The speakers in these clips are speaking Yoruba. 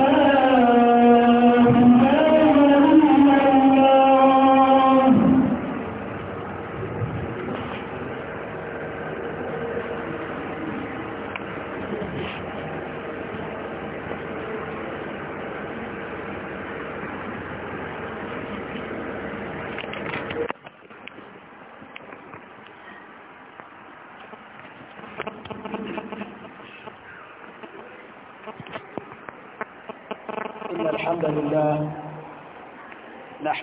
الله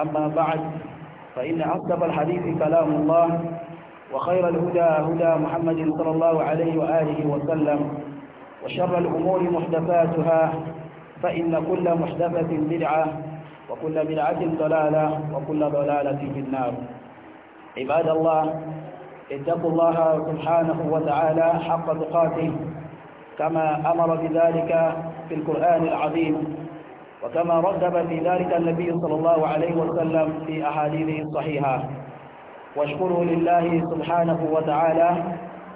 أما بعد فإن أصدق الحديث كلام الله وخير الهدى هدى محمد صلى الله عليه وآله وسلم وشر الأمور محدثاتها فإن كل محدثة بدعة وكل بدعة ضلالة وكل ضلالة في النار عباد الله اتقوا الله سبحانه وتعالى حق تقاته كما أمر بذلك في القرآن العظيم وكما رغب في ذلك النبي صلى الله عليه وسلم في أحاديثه الصحيحة واشكروا لله سبحانه وتعالى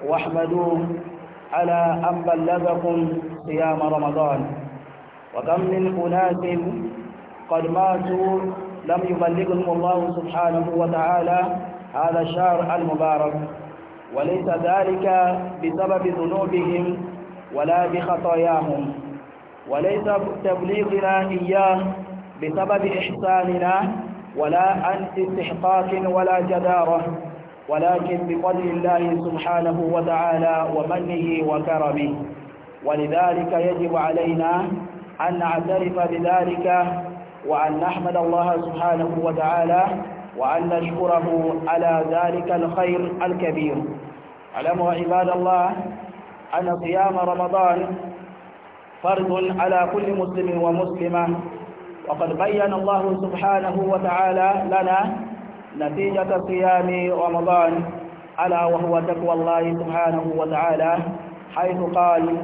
واحمدوه على أن بلغكم صيام رمضان وكم من أناس قد ماتوا لم يبلغهم الله سبحانه وتعالى هذا الشهر المبارك وليس ذلك بسبب ذنوبهم ولا بخطاياهم وليس تبليغنا إياه بسبب إحساننا ولا عن استحقاق ولا جدارة ولكن بقدر الله سبحانه وتعالى ومنه وكرمه ولذلك يجب علينا أن نعترف بذلك وأن نحمد الله سبحانه وتعالى وأن نشكره على ذلك الخير الكبير اعلموا عباد الله أن صيام رمضان فرض على كل مسلم ومسلمة وقد بين الله سبحانه وتعالى لنا نتيجة صيام رمضان ألا وهو تقوى الله سبحانه وتعالى حيث قال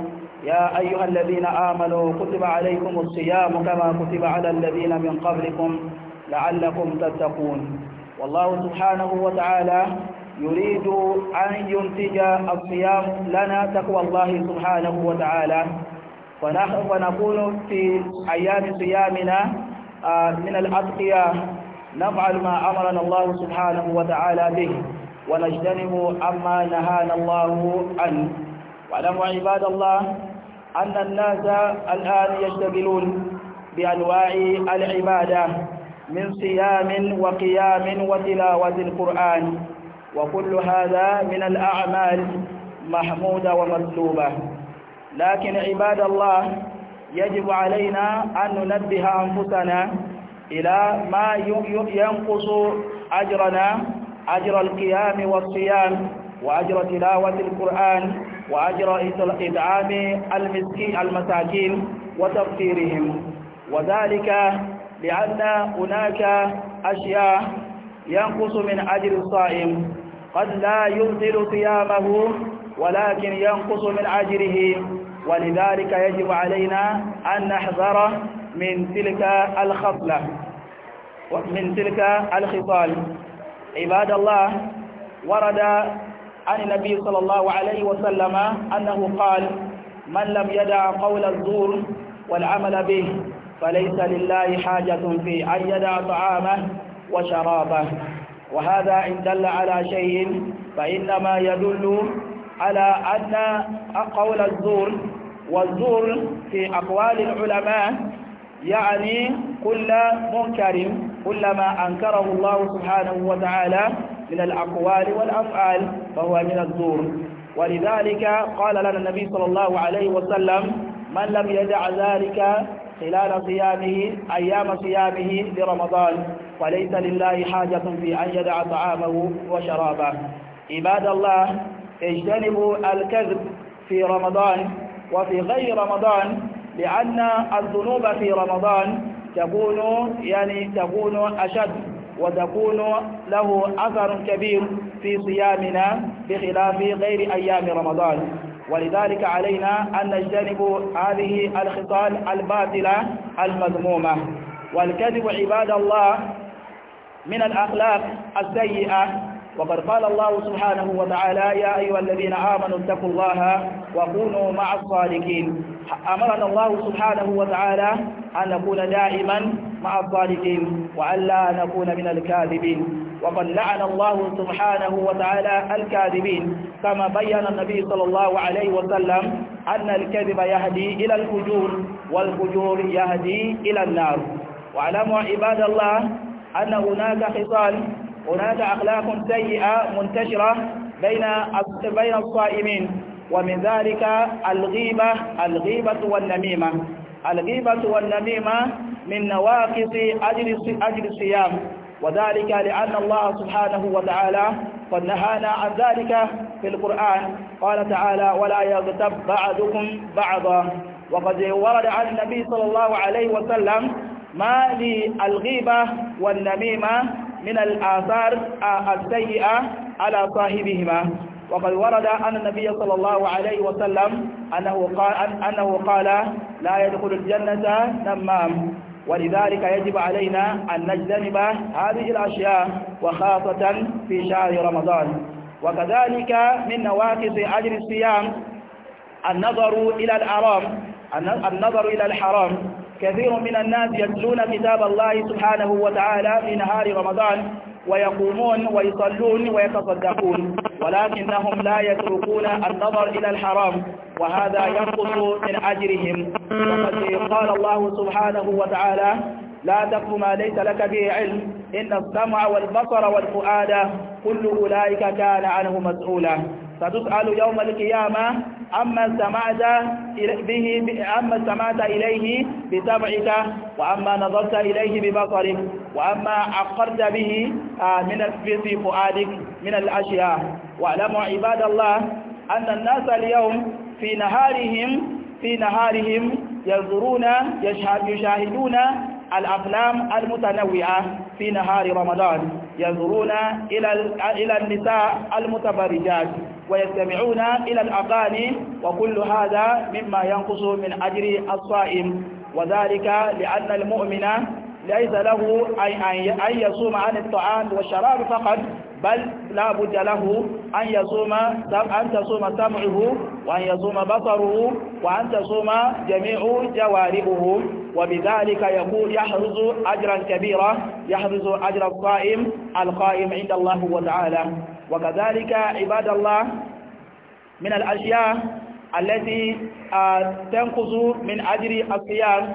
يا أيها الذين آمنوا كتب عليكم الصيام كما كتب على الذين من قبلكم لعلكم تتقون والله سبحانه وتعالى يريد أن ينتج الصيام لنا تقوى الله سبحانه وتعالى ونحن ونكون في أيام صيامنا آه، من الأتقياء نفعل ما أمرنا الله سبحانه وتعالى به ونجتنب عما نهانا الله عنه واعلموا عباد الله أن الناس الآن يشتغلون بأنواع العبادة من صيام وقيام وتلاوة القرآن وكل هذا من الأعمال محمودة ومطلوبة لكن عباد الله يجب علينا أن ننبه أنفسنا إلى ما ينقص أجرنا أجر القيام والصيام وأجر تلاوة القرآن وأجر إدعام المسكين المساكين وتفكيرهم وذلك لأن هناك أشياء ينقص من أجر الصائم قد لا يبطل صيامه ولكن ينقص من أجره ولذلك يجب علينا أن نحذر من تلك الخصلة ومن تلك الخصال عباد الله ورد عن النبي صلى الله عليه وسلم أنه قال من لم يدع قول الزور والعمل به فليس لله حاجة في أن يدع طعامه وشرابه وهذا إن دل على شيء فإنما يدل على أن قول الزور والزور في أقوال العلماء يعني كل منكر كل ما أنكره الله سبحانه وتعالى من الأقوال والأفعال فهو من الزور ولذلك قال لنا النبي صلى الله عليه وسلم من لم يدع ذلك خلال صيامه أيام صيامه لرمضان فليس لله حاجة في أن يدع طعامه وشرابه عباد الله اجتنبوا الكذب في رمضان وفي غير رمضان لأن الذنوب في رمضان تكون يعني تكون أشد وتكون له أثر كبير في صيامنا بخلاف غير أيام رمضان ولذلك علينا أن نجتنب هذه الخصال الباطلة المذمومة والكذب عباد الله من الأخلاق السيئة وقد قال الله سبحانه وتعالى يا أيها الذين آمنوا اتقوا الله وكونوا مع الصالحين أمرنا الله سبحانه وتعالى أن نكون دائما مع الصالحين وألا نكون من الكاذبين وقد لعن الله سبحانه وتعالى الكاذبين كما بين النبي صلى الله عليه وسلم أن الكذب يهدي إلى الفجور والفجور يهدي إلى النار واعلموا عباد الله أن هناك خصال هناك أخلاق سيئة منتشرة بين بين الصائمين ومن ذلك الغيبة الغيبة والنميمة الغيبة والنميمة من نواقص أجل أجل الصيام وذلك لأن الله سبحانه وتعالى قد نهانا عن ذلك في القرآن قال تعالى ولا يغتب بعضكم بعضا وقد ورد عن النبي صلى الله عليه وسلم ما للغيبة والنميمة من الآثار السيئة على صاحبهما وقد ورد أن النبي صلى الله عليه وسلم أنه قال, أنه قال لا يدخل الجنة نمام ولذلك يجب علينا أن نجتنب هذه الأشياء وخاصة في شهر رمضان وكذلك من نواقص أجر الصيام النظر إلى الحرام النظر إلى الحرام كثير من الناس يتلون كتاب الله سبحانه وتعالى في نهار رمضان ويقومون ويصلون ويتصدقون ولكنهم لا يتركون النظر إلى الحرام وهذا ينقص من أجرهم وقد قال الله سبحانه وتعالى لا تقف ما ليس لك به علم إن السمع والبصر والفؤاد كل أولئك كان عنه مسؤولا ستسأل يوم القيامة أما استمعت به أما استمعت إليه بسمعك وأما نظرت إليه ببصرك وأما عقرت به آه، من في فؤادك من الأشياء واعلموا عباد الله أن الناس اليوم في نهارهم في نهارهم ينظرون يشاهدون الأقلام المتنوعة في نهار رمضان ينظرون إلى إلى النساء المتبرجات ويستمعون إلى الأغاني وكل هذا مما ينقص من أجر الصائم وذلك لأن المؤمن ليس له أن يصوم عن الطعام والشراب فقط بل لا بد له أن يصوم أن تصوم سمعه وأن يصوم بصره وأن تصوم جميع جواربه وبذلك يقول يحرز أجرا كبيرا يحرز أجر الصائم القائم عند الله وتعالى وكذلك عباد الله من الأشياء التي آه، تنقص من أجر الصيام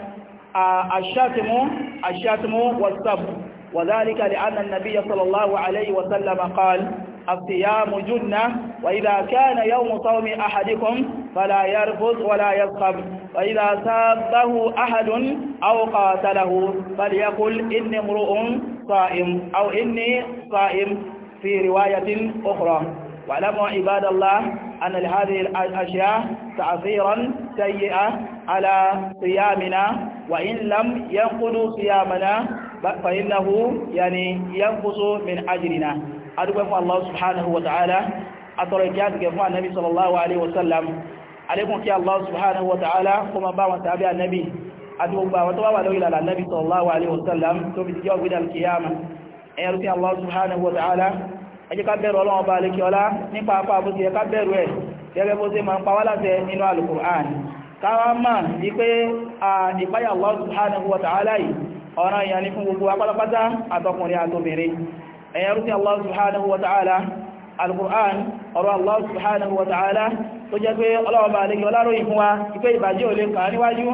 آه، الشاتم الشاتم والسب وذلك لأن النبي صلى الله عليه وسلم قال الصيام جنة وإذا كان يوم صوم أحدكم فلا يرفض ولا يسخب وإذا سابه أحد أو قاتله فليقل إني امرؤ صائم أو إني صائم في رواية أخرى واعلموا عباد الله أن لهذه الأشياء تعثيرا سيئة على صيامنا وإن لم ينقضوا صيامنا فإنه يعني ينقص من أجلنا adúgbẹ́ fún Allah subhanahu wa ta'ala atọrọ ìkí àtìkẹ fún annabi sallallahu alaihi wasallam alékún kí Allah subhanahu wa ta'ala kuma bá wọn tàbí annabi àdúgbà wọn tó wà lórí lára annabi sallallahu alaihi wasallam tó fi jíjọ gbídà kìyàmà ẹ̀yẹrù sí Allah subhanahu wa ta'ala ẹjẹ́ ká bẹ̀rù ọlọ́wọ́ bá lè kí ọlá nípa apá àbúsí ẹ ká bẹ̀rù ẹ̀ gẹ́gẹ́ bó ṣe máa ń pawá láti nínú al káwàá máa ní pé ìpáyà Allah subhanahu wa ta'ala yìí ọ̀ràn ìyàní fún gbogbo apátápátá àtọkùnrin àtobìnrin ẹ̀yà rúsí Allah subhanahu wa ta'ala al-Qur'an ọ̀rọ̀ Allah subhanahu wa ta'ala tó jẹ́ pé ọlọ́ọ̀bà alẹ́kì ọláròyìn fún wa ipé ìbàjẹ́ ò lè kà níwájú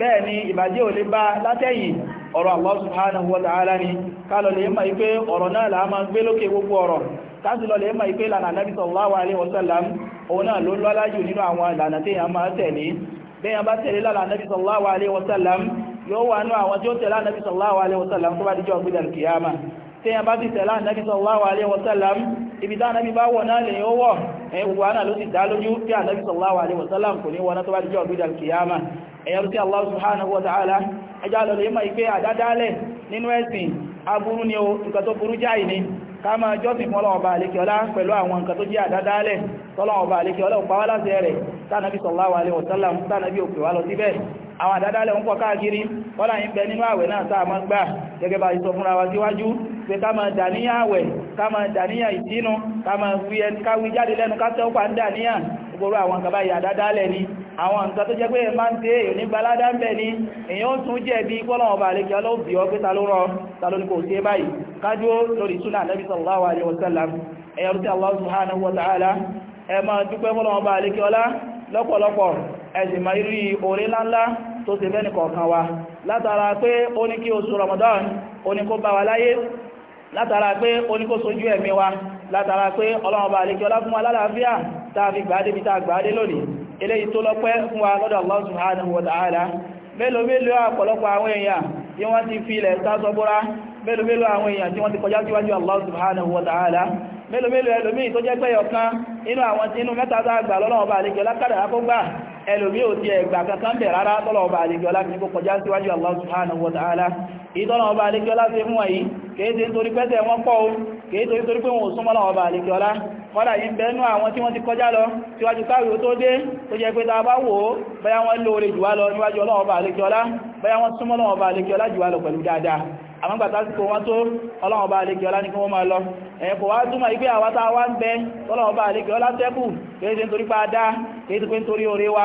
bẹ́ẹ̀ ni ìbàjẹ́ ò lè bá látẹ̀yìn ọ̀rọ̀ Allah subhanahu wa ta'ala ni kálọ̀ lè mọ̀ ipé ọ̀rọ̀ náà là máa gbé lókè gbogbo ọ̀rọ̀ káàsì lọ lè mọ̀ ipé ìlànà Nabi sallallahu alaihi wasallam òun náà ló lọ́lá jù nínú àwọn ìlànà tí a tí a bá ti tẹ̀lá ànábì sallallahu alaihi wasallam ibi tá ànábì bá wọ̀ náà lè yóò wọ̀ ẹ̀yẹ gbogbo àná ló ti dá lójú tí ànábì sallallahu alaihi wasallam kò ní wọná tó bá dijọ́ ọ̀gbídà kìyàmà ká máa jọ́sìn fún ọlọ́ọ̀bá àlékiọlá pẹ̀lú àwọn nǹkan tó jẹ́ àdádálẹ̀ tọ́lọ́ọ̀bá àlékiọlá ò pa wá láṣẹ rẹ̀ tánàbí sallallahu alaihi wasallam tánàbí òkè wá lọ síbẹ̀ àwọn àdádálẹ̀ ń pọ̀ káàkiri wọ́n láyín bẹ nínú àwẹ̀ náà sáà máa gbà gẹ́gẹ́ bá ìsọ fúnra wa síwájú pé ká máa dàníyà àwọn nǹkan tó jẹ́ pé ẹ máa ń tẹ́ èyàn ní gbaládá ń bẹ̀ ní èyàn ó tún jẹ́ bí pọ́lọ̀wọ̀n bá lè kí ọlọ́bì ọ pé ta ló rọ ta ló ní kò sí báyìí kájú lórí súnà Nabi sallallahu alaihi wasallam ẹ̀yà rútí Allah subhanahu wa ta'ala ẹ máa dúpẹ́ pọ́lọ̀wọ̀n bá lè kí ọlá lọ́pọ̀lọpọ̀ ẹ̀sìn máa rí orí ńláńlá tó ṣe fẹ́ni kọ̀ọ̀kan wa látara pé ó ní kí oṣù Ramadan ó ní kó bá wa láyé látara pé ó ní kó sojú ẹ̀mí wa látara pé ọlọ́wọ̀n bá lè kí ọlá fún wa lálàáfíà tá a fi gbàádé bí tá a gbàádé lónìí eléyìí tó lọ́pẹ́ fún wa lọ́dọ̀ Allah subhanahu wa ta'ala mélòó mélòó àpọ̀lọpọ̀ àwọn èèyàn tí wọ́n ti fi ilẹ̀ sásọ́bọ́rá mélòó mélòó àwọn èèyàn tí wọ́n ti kọjá Allah subhanahu wa ta'ala mélòó mélòó ẹlòmíì tó jẹ́ pé ọ̀kan inú àwọn tí inú mẹ́ta tá àgbà lọ́lọ́wọ́ ẹlòmí ò tí ẹgbà kankan bẹ̀ rárá tọ́lọ̀ ọba àlejọ́lá fi kọjá síwájú Allah subhanahu wa ta'ala ìtọ́lọ̀ ọba àlejọ́lá fi mú wọ̀nyí kéèdè nítorí pẹ́sẹ̀ wọ́n pọ̀ o kéèdè nítorí pé wọn ò súnmọ́ ọba àlejọ́lá kọ́dà yìí bẹ́ẹ̀nú àwọn tí wọ́n ti kọjá lọ síwájú káwíò tó dé tó jẹ́ pé ta bá wò ó báyá wọ́n lóore jùwá lọ níwájú ọlọ́ọ̀bà àlejọ́lá báyá wọ́n súnmọ́ ọlọ́ọ̀bà àlejọ́lá jùwá lọ pẹ̀lú dáadáa àwọn gbàtásíkò wọ́n tó ọlọ́ọ̀bà àlejọ́lá ní kí wọ́n máa lọ ẹ̀kọ̀ wá túnmọ̀ ìgbé àwátá wá ń bẹ ọlọ́ọ̀bà àlejọ́lá tẹ́kù kéèdè nítorí pàdá kéèdè pé nítorí oore wa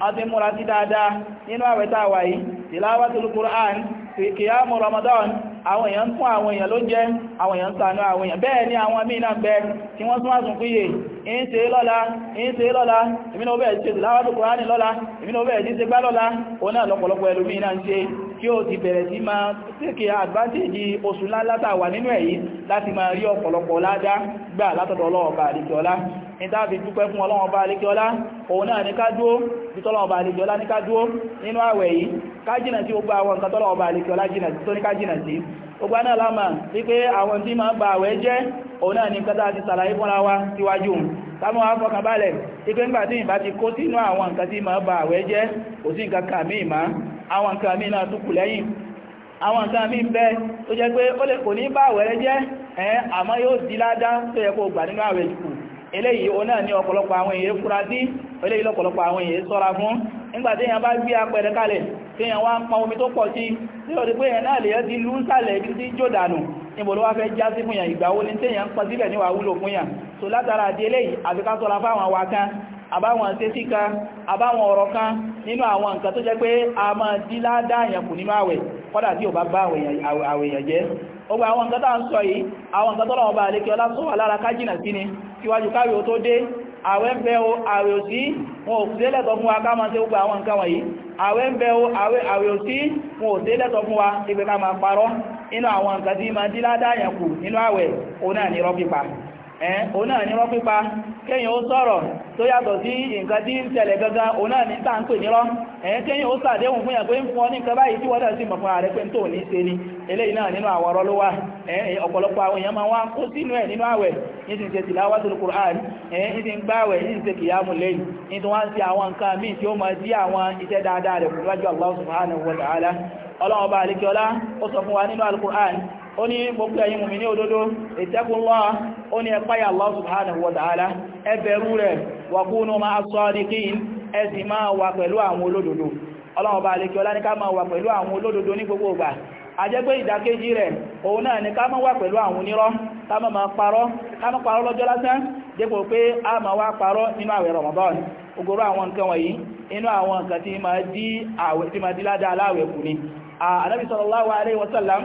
àti múra sí dáadáa nínú àwẹ̀ tàwà yìí tilawatul Qur'an kìyàmù Ramadan àwọn èèyàn fún àwọn èèyàn ló jẹ́ àwọn èèyàn ṣàánú àwọn èèyàn bẹ́ẹ̀ ni àwọn míì náà bẹ́ẹ̀ tí wọ́n tún àsùn kúyè in ṣe lọ́la in ṣe lọ́la ìmìnà obẹ̀ẹ́ ṣe tilawatul Qur'an kí ó ti bẹ̀rẹ̀ sí máa tẹ́kì advantage oṣù látà wà nínú èyí láti máa rí ọ̀pọ̀lọpọ̀ ládá gbà látọ̀dọ̀ ọlọ́ọ̀bà àríkíọlá ìdáàbí dúpẹ́ fún ọlọ́ọ̀bà àríkíọlá òun náà ní ká dúó bí tọ́lọ̀ọ̀bà àríkíọlá ní ká dúó nínú àwẹ̀ yìí ká jìnà sí gbogbo àwọn nǹkan tọ́lọ̀ọ̀bà àríkíọlá tó ní ká jìnà sí gbogbo náà lámà wípé àwọn tí máa ń ba àwẹ̀ jẹ́ òun náà ní nǹkan ti sàlàyé fúnra wa síwájú táwọn afọkànbalẹ̀ ipé ńgbà tí ìbá ti kó sínú àwọn nǹkan tí máa ń ba àwẹ̀ jẹ́ kò sí nǹkan kàmí ìmá àwọn nǹkan na náà túkù lẹ́yìn àwọn nǹkan mí bẹ tó jẹ́ pé ó lè kò ní bá àwẹ̀rẹ́ jẹ́ ẹ̀ àmọ́ yóò di ládá tó yẹ kó gbà nínú àwẹ̀ jù eléyìí o náà ní ọ̀pọ̀lọpọ̀ àwọn èèyàn fúra sí eléyìí lọ́pọ̀lọpọ̀ àwọn èèyàn sọ́ra fún nígbà èèyàn bá gbé apẹ̀rẹ̀ kalẹ̀ tí èèyàn wá ń pa omi tó pọ̀ sí tí ó rí pé èèyàn náà lè ti lú ibi tí jò dànù wa kan àbáwọn àṣẹ́sí kan àbáwọn ọ̀rọ̀ kan nínú àwọn nǹkan tó jẹ́ pé a máa dí ládáyàn kù nínú àwẹ̀ kọ́dà tí ò bá bá àwẹ̀yàn jẹ́ ogbà àwọn nǹkan tàà ń sọ yìí àwọn nǹkan tọ́lọ̀ ọba àlékẹ́ ọlá sọ wà lára kájìnà sí ni kíwájú káwẹ̀ ó tó dé àwẹ̀ ń bẹ o àwẹ̀ ò sí wọn ò sí lẹ́tọ̀ fún wa ká máa ṣe gbogbo àwọn nǹkan wọ̀nyí àwẹ̀ ẹ̀ẹ́n òun náà ní wọ́n pípa kéyàn ó sọ̀rọ̀ tó yàtọ̀ sí nǹkan tí ń tẹ̀lẹ̀ gangan òun náà ní nírọ́ ó sàdéhùn fún ọ ní nǹkan báyìí tí wọ́n náà sì mọ̀ fún ààrẹ pé ní ṣe ni eléyìí náà nínú àwọn ló wà ọ̀pọ̀lọpọ̀ àwọn èèyàn máa wá kó sínú ẹ̀ nínú àwẹ̀ ní ti ṣe ní ti ń ní ti ṣe ní wọ́n ń ṣe àwọn nǹkan míì tí ó àwọn ọlọ́ọ̀bá alikiola ó sọ fún wa nínú al-Qur'an ó ní gbogbo ẹ̀yin mùmínì òdodo ní ẹ páyà Allah subhanahu wa ta'ala ẹ bẹ̀rù rẹ̀ wa kunu ma'as sadiqin ẹ sì máa wà pẹ̀lú àwọn olódodo ọlọ́ọ̀bá alikiola ní ká máa wà pẹ̀lú àwọn olódodo ní gbogbo ìgbà àjẹ́gbé ìdàkejì rẹ̀ òun náà ni ká máa wà pẹ̀lú Ramadan ogoro àwọn nǹkan wọ̀nyí inú àwọn nǹkan tí máa dí ládá aláwẹ̀ kù anábi ah, sallallahu alaihi wasallam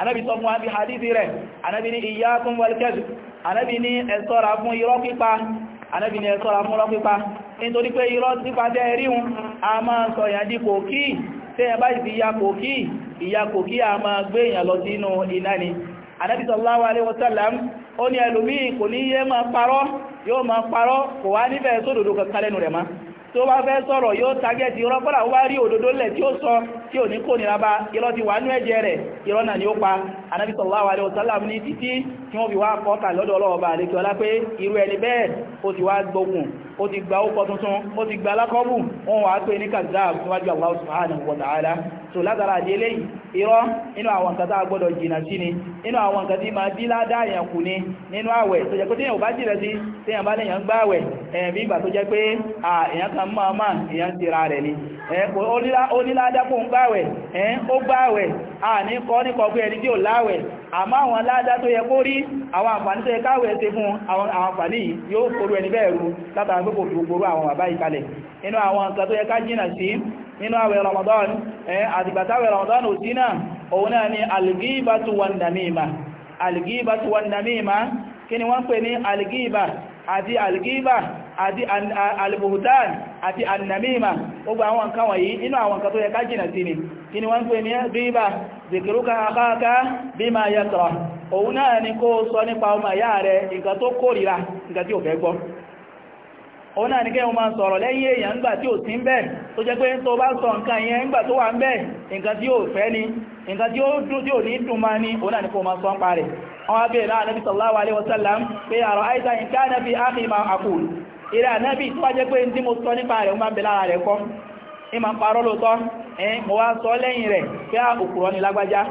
anábi sọ fún wa bí hadithi rẹ̀ anábi ní iyyakum wal kadhib anábi ní ẹ ṣọ́ra fún irọ́ pípa anábi ní ẹ ṣọ́ra fún irọ́ pípa nítorí pé irọ́ pípa jẹ́ ẹríhun a máa sọ yàn di kòkí tí ẹ bá ti ya kòkí ìyà kòkí a máa gbé èèyàn lọ sínú iná ni anábi sallallahu alaihi wasallam ó ní ẹlòmíì kò ní yé máa parọ́ yóò máa parọ́ kò wá níbẹ̀ sódòdó kankan lẹ́nu rẹ̀ máa tó bá fẹ́ sọ̀rọ̀ yóò tagẹ́tì irọ́ kọ́lá wá rí òdòdó lẹ̀ tí ó sọ tí ò ní kó nira bá irọ́ ti wà ní ẹ̀jẹ̀ rẹ̀ irọ́ náà ni ó pa anábì sallallahu ó ti gba ókọ tuntun ó ti gba alákọ́bù wọn wà pé ní kazab níwájú Allah subhanahu wa ta'ala so látara àdé lẹ́yìn irọ́ inú àwọn nǹkan tá a gbọ́dọ̀ jìnà sí ni inú àwọn nǹkan tí máa dí ládàá èèyàn kù ni nínú àwẹ̀ tó jẹ́ pé téèyàn ò bá jìnà sí téèyàn bá lèèyàn gbá àwẹ̀ ẹ̀mí ìgbà tó jẹ́ pé èèyàn kan máa máa èèyàn ti ra rẹ̀ ni ó ní ládàá kó ń gbá àwẹ̀ ó gbá àwẹ̀ à ní pé ẹni tí ò láwẹ̀ àmọ́ àwọn aládá tó yẹ kó rí àwọn àǹfàní tó yẹ káwẹ̀ ẹ̀ṣẹ́ fún àwọn àǹfàní yóò kóró ẹni bẹ́ẹ̀ rú látàrí pé kò fi gbogbo àwọn bàbá ìkalẹ̀ nínú àwọn nǹkan tó yẹ ká jìnà sí nínú àwẹ̀ Ramadan àtìgbàtàwẹ̀ Ramadan ò sí náà òun náà ni algibatu algiba àti algiba àti alìbòhùtán àti annamima ogbà àwọn nǹkan wọ̀nyí inú àwọn nǹkan tó yẹ ká jìnà ni kí ni wọ́n pè ní ríbà zikiruka akáka bí ma yẹ́kọ̀ọ́ òun náà ni kó sọ nípa ọmọ ìyá rẹ̀ nǹkan tó kórìíra nǹkan tí ò fẹ́ gbọ́ òun náà kí wọ́n máa sọ̀rọ̀ lẹ́yìn èèyàn ńgbà tí ò sí ń tó jẹ́ pé tó bá sọ nǹkan yẹn ńgbà tó ni nǹkan tí ó tí sọ ń parẹ̀ pé àrọ̀ àìsàn ìrẹ́ ànábì tó wá jẹ́ pé tí mo sọ nípa rẹ̀ ń bá ń bẹ lára rẹ̀ kọ́ ìmọ̀ ń parọ́ lóòótọ́ ẹ̀yìn mo wá sọ lẹ́yìn rẹ̀ pé ah, òkúrọ́ ni lágbájá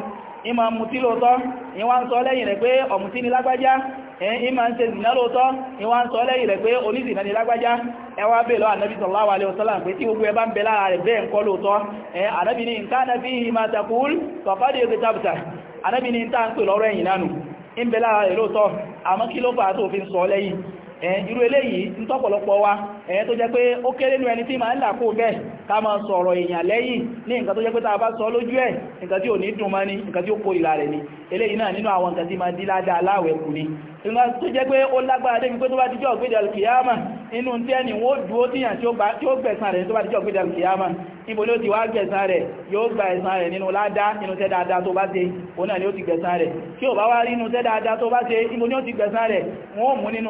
ìmọ̀ mutí lóòótọ́ ìyẹn ń sọ lẹ́yìn rẹ̀ pé ọ̀mùtí ni lágbájá ìmọ̀ ń ṣe zìnà lóòótọ́ ìwá ń sọ lẹ́yìn rẹ̀ pé onízìnà ni lágbájá ẹwà ànábì pé tí gbogbo ẹbá ń bẹ lára rẹ̀ bẹ́ẹ̀ ń kọ́ ànábì nǹkan náà fi Eh, irú eléyìí ń tọ́pọ̀lọpọ̀ wa ẹ̀yẹ́ eh, tó jẹ́ pé ó kéré nínú ẹni tí máa ń làkó bẹ́ẹ̀ ká máa sọ̀rọ̀ èèyàn lẹ́yìn ní nǹkan tó jẹ́ pé tá a bá sọ lójú ẹ̀ nǹkan tí ò ní dùn mọ́ ni nǹkan tí ó kó ìlà rẹ̀ ni eléyìí náà nínú àwọn nǹkan tí máa dí ládàá láwẹ̀ kù ni ìgbà tó jẹ́ pé ó lágbára débi pé tó bá dijọ́ ògbédè alkiyama inú tí ẹni wọ́n dúó tíyàn tí ó gbẹ̀san rẹ̀ tó bá dijọ́ ògbédè alkiyama níbo ló ti wá gbẹ̀san rẹ̀ yóò gba ẹ̀san rẹ̀ nínú ládá inú tẹ́ dáadáa tó bá ṣe òun náà ni ó ti gbẹ̀san rẹ̀ kí ò bá wá rí inú tẹ́ dáadáa tó bá ṣe níbo ni ó ti gbẹ̀san rẹ̀ wọ́n mú nínú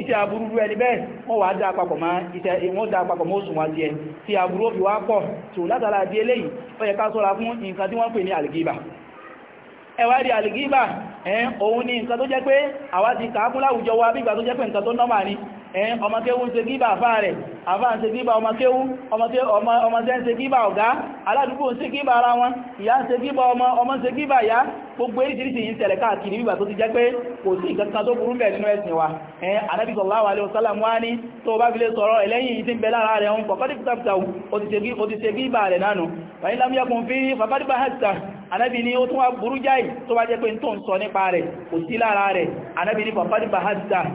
iṣẹ́ aburú rú ẹni bẹ́ẹ̀ wọ́n wá dá papọ̀ mọ́ iṣẹ́ wọ́n dá papọ̀ mọ́ oṣù wọn jẹ tí aburú ó fi wá pọ̀ tó látara di eléyìí ó yẹ ká sọ́ra fún nǹkan tí wọ́n pè ní àlìgíbà ẹwàrí àlìgíbà ẹ̀ òun ni nǹkan tó jẹ́ pé àwa ti kàákún láwùjọ wa bí ìgbà tó jẹ́ pé nǹkan tó nọ́mà ni ẹ̀yìn ọmọkéwú ń ṣe gíbà àfá rẹ̀ àfá ń ṣe gíbà ọmọkéwú ọmọdé ń ṣe gíbà ọ̀gá aládùúgbò ń gíbà ara wọn ìyá ń ṣe gíbà ọmọ ọmọ ń ṣe gíbà gbogbo eréṣìíríṣìí yìí ń tẹ̀lẹ̀ káàkiri bíbà tó ti jẹ́ pé kò sí ìkankan tó burú nínú ẹ̀sìn wa ẹ̀yìn Ànábì sallallahu alaihi wasallam wá ní tó bá fi lè sọ̀rọ̀ ẹlẹ́yìn yìí ti ń bẹ lára rẹ̀ ń pọ̀kọ́dí pítàpítàwù ti ṣe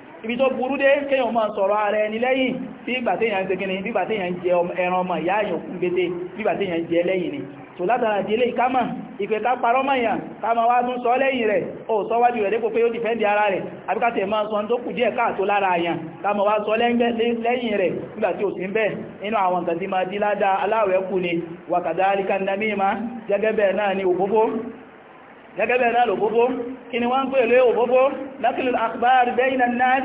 ibi tó burú dé kéyàn máa sọ̀rọ̀ ara ẹni lẹ́yìn tí ìgbà téèyàn ṣe kíni bí ìgbà téèyàn jẹ ẹran ọmọ ìyá èèyàn kú gbété bí ìgbà jẹ lẹ́yìn ni tò látara di ilé ìkámà ìpè ká parọ́ mọ̀yàn ká máa wá tún sọ lẹ́yìn rẹ̀ ó sọ wájú rẹ̀ dépò pé ó dìfẹ́ndì ara rẹ̀ àbíkàtẹ̀ máa sọ tó kù díẹ̀ káàtó lára àyàn ká máa wá sọ lẹ́yìn rẹ̀ nígbà tí ò sí ń bẹ̀ nínú àwọn nǹkan tí máa dí ládá aláwẹ̀ kù ni wàkàdá alikandamí ma gẹ́gẹ́ bẹ́ẹ̀ náà ni òfófó gẹ́gẹ́ bẹ̀rẹ̀ náà lòbóbó kí ni wọ́n ń pè lé òbóbó lákìlù àkbáàrí bẹ́yìn náà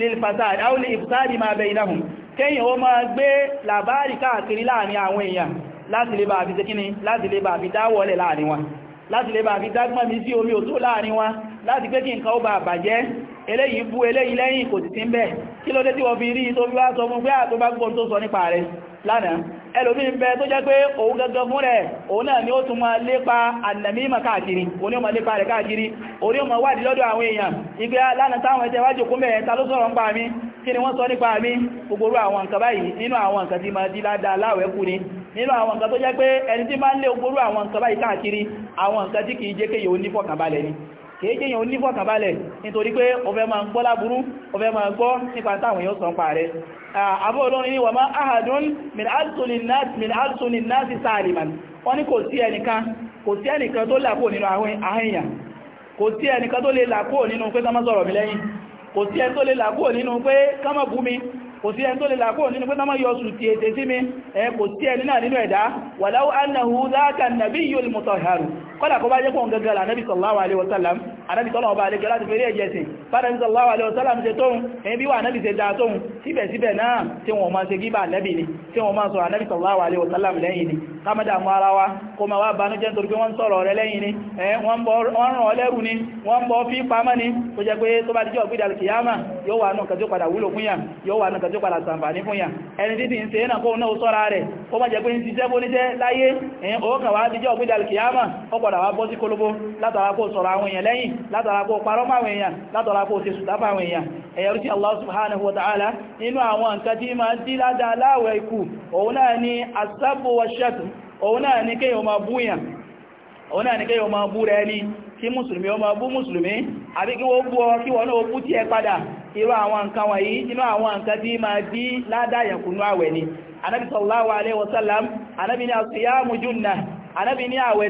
lilfasad aw li ifsadi ma baynahum kẹ́yìn ó máa gbé làbáàrí káàkiri láàrin àwọn èèyàn láti lè bá àfi tẹ́kíní láti lè bá àfi dáwọlẹ̀ láàrin wọn láti lè bá àfi dágbọ́n mi sí omi òtó láàrin wọn láti pé kí nǹkan ó bá bàjẹ́ eléyìí lánàá ẹlòmí ń bẹ tó jẹ́ pé òun gẹ́gẹ́ fún rẹ̀ òun náà ni ó tún máa lépa ànàmímà káàkiri òun ni ó máa lépa rẹ̀ káàkiri òun ni ó máa wádìí lọ́dọ̀ àwọn èèyàn ìgbé lánàá táwọn ẹjẹ́ wájú kún mẹ́rin ta ló sọ̀rọ̀ ń pa mi kí ni wọ́n sọ nípa mi gbogbo àwọn nǹkan báyìí nínú àwọn nǹkan tí máa dí ládàá láwẹ̀ẹ́kù ni nínú àwọn nǹkan tó jẹ́ pé ẹni tí máa ń lé gbogbo àwọn nǹkan báyìí káàkiri àwọn nǹkan tí kìí jẹ́ kéyìí kéèkéè yàn onífọ̀kànbalẹ̀ nítorí pé ọfẹ́ ma ń gbọ́ láburú ọfẹ́ ma gbọ́ nípa táwọn yóò sọ́n pààrẹ àbọ́ olórin ni wà máa ahàdún saliman wọ́n ní kò sí ẹnìkan kò sí ẹnìkan tó làpò nínú ahìyàn kò sí ẹnìkan tó lè làpò nínú pé ká má sọ̀rọ̀ mi lẹ́yìn kò sí ẹni tó lè kò sí ẹni tó lè làkó nínú pé tánmà yọ sùn ti ètè sí mi ẹ kò sí ẹni náà nínú ẹ̀dá walau annahu dhaka an-nabiyyul mutahharu kọ́lá kó bá jẹ́ kóhùn gẹ́gẹ́ ànábì sallallahu alaihi wasallam ànábì sallallahu alaihi wasallam fẹ́rẹ́ ẹ̀jẹ̀ sí alaihi wasallam ṣe tóhun ẹni bí wà ànábì ṣe dáa tóhun síbẹ̀síbẹ̀ ni tí wọ́n máa sọ alaihi wasallam lẹ́yìn kámẹ́dà mọ́ ara wa kó ma wá banújẹ́ nítorí pé wọ́n ń sọ̀rọ̀ rẹ lẹ́yìn ni wọ́n ràn ọ́ lẹ́rù ni wọ́n ń bọ́ fí pamọ́ ni tó jẹ́ pé tó bá díjọ́ gbídà kìyàmà yóò wà náà kàtí ó padà wúlò fún yà yóò wà náà kàtí ó padà sàǹfààní fún yà ẹni títí ń ṣe náà kó náà sọ́ra rẹ̀ ó má jẹ́ pé ń ṣiṣẹ́ bó níṣẹ́ láyé ẹ̀yìn òókàn wá díjọ́ gbídà kìyàmà ó padà wá bọ́ sí kólóbó látara kó sọ̀rọ̀ àwọn èèyàn lẹ́yìn látara kó parọ́ máwọn èèyàn látara kó ṣe sùtáfà àwọn èèyàn ẹ̀yẹ̀rú tí Allah subhanahu wa ta'ala nínú àwọn nǹkan tí máa ń dí ládàá láwẹ̀ ikú òun náà ni asábò wa ṣẹ́tù òun náà n'ike ya máa búyàn òun náà ní a máa bú rẹ ní kí mùsùlùmí ó máa bú mùsùlùmí àbí kí wọ́n bú ọ kí wọ́n náà bú tí ẹ padà irú àwọn nǹkan wọ̀nyí inú àwọn nǹkan tí máa dí ni anábi ó bí a wà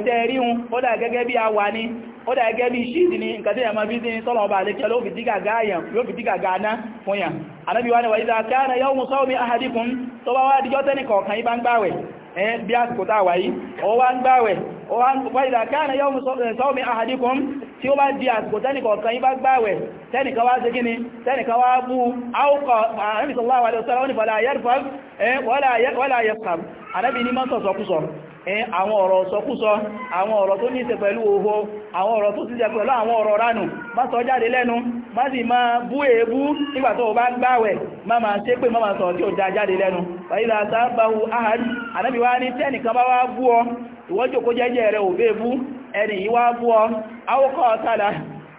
ní ó dà gẹ́gẹ́ bí ṣíìdì ní nǹkan tí ẹ̀mọ́ bí sí tọ́lọ̀ ọba àlẹ́kẹ́ fi dígà gáàná fún yàn anábi wá ní ẹ̀yẹn eh, bí àsìkò táwà yìí ọwọ́ wá ń gbáwẹ̀ wọ́n ìdàkáàrẹ̀ yọ́ sọ́ọ̀mí àhàdíkùn tí ó bá di àsìkò tẹ́nìkọ̀ọ̀kan yìí bá gbáwẹ̀ tẹ́nìkan wá ṣe gíní tẹ́nìkan wá bú áwọ́kọ̀ àrẹ́bìsọ̀láwà lọ́sọ́lá àwọn ọ̀rọ̀ sọkúsọ àwọn ọ̀rọ̀ tó níse pẹ̀lú òhò àwọn ọ̀rọ̀ tó síṣe pẹ̀lú àwọn ọ̀rọ̀ ránù má sọ jáde lẹ́nu má sì máa bú èébú nígbà bá gbáwẹ̀ má ma sọ tí ó já jáde lẹ́nu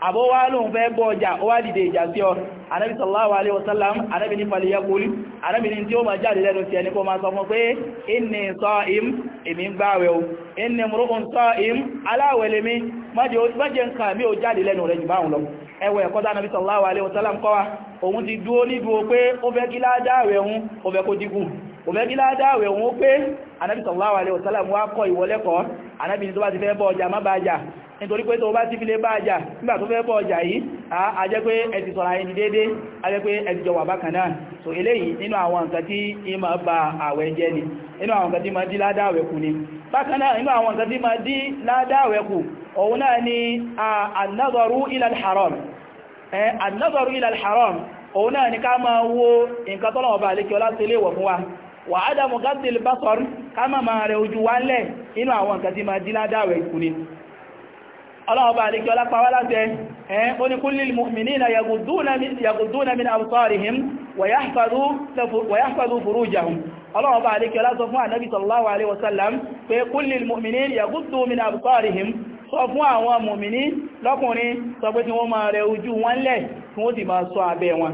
àbọ́wá lóun fẹ́ gbọ́ ọjà ó wá dìde ìjà sí ọ anábi sallallahu alaihi wasallam anábi ní falẹ̀ yakul anábi ní tí ó ma jáde lẹ́nu sí ẹni kó ma sọ fún pé inni sa'im èmi gbáwẹ̀ o inni murukun sa'im aláwẹ̀lẹ̀ mi mọ́jẹ́ nǹkan mi ò jáde lẹ́nu rẹ̀ jù báhùn lọ ẹwẹ̀ ẹ̀kọ́ tá anábi sallallahu alaihi wasallam kọ́ wa òun ti dúó ní dúó pé ó fẹ́ kí ládáwẹ̀ òun ó fẹ́ nítorí pé tó bá ti fi lè bá àjà nígbà tó fẹ́ bọ́ ọjà yìí a jẹ́ pé ẹ sọ̀rọ̀ ayé dédé a pé ẹ jọ wà bákan náà so eléyìí nínú àwọn nǹkan tí í máa ba àwẹ̀ jẹ́ ni nínú àwọn nǹkan tí máa dí ládàwẹ̀ kù ni bákan náà nínú àwọn nǹkan tí máa dí ládàwẹ̀ òun náà ila al-haram an ila al-haram ni ká máa wo nǹkan tọ́lọ̀ ọba àlékẹ́ ọlá tẹ́lẹ̀ wọ̀ fún wa wà ádámù gáàdìlì bá sọ̀rọ̀ ká máa máa rẹ ni ọlọ́ọ̀bá àríkẹ́ ọlápàá látẹ́ ẹn ó ní kúlìl mu'minina yaguduna min absarihim wa yahfazu furujahum ọlọ́ọ̀bá àríkẹ́ ọlátọ́ fún ànábì sallallahu alaihi wasallam pé kúlìl mu'minina yagudu min absarihim sọ fún àwọn mùmìní lọ́kùnrin sọ pé tí wọ́n máa rẹ ojú wọn lẹ̀ tí wọ́n sì máa ṣọ́ abẹ́ wọn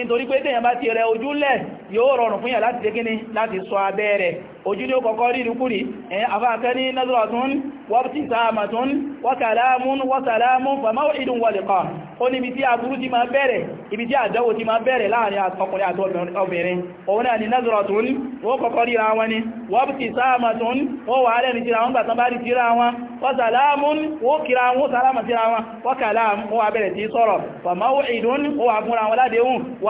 nítorí pé tẹ́yàn bá ti rẹ ojúlẹ̀ yóò rọrùn fún yàn láti ṣe kíní láti sọ abẹ́ rẹ̀ ojú ní ó kọ̀kọ́ rí ìrúkúrí ẹ̀yìn afáàkẹ́ ní nazaratun wabtisamatun wa kalamun wa salamun fa maw'idun wa liqa ó ní ibi tí aburú ti máa bẹ̀rẹ̀ ibi tí àdáwò ti máa bẹ̀rẹ̀ láàrin ọkùnrin àti obìnrin òun náà ni nazaratun ó kọ̀kọ́ ríra wọn ni wabtisamatun ó wà á lẹ́ni tíra wọn gbàtán bá rí tíra wọn wa ó kíra wọn ó sálámà tíra wọn wa ó wà bẹ̀rẹ̀ tí sọ̀rọ̀ fa maw'idun ó wà fúnra wọn ládéhùn w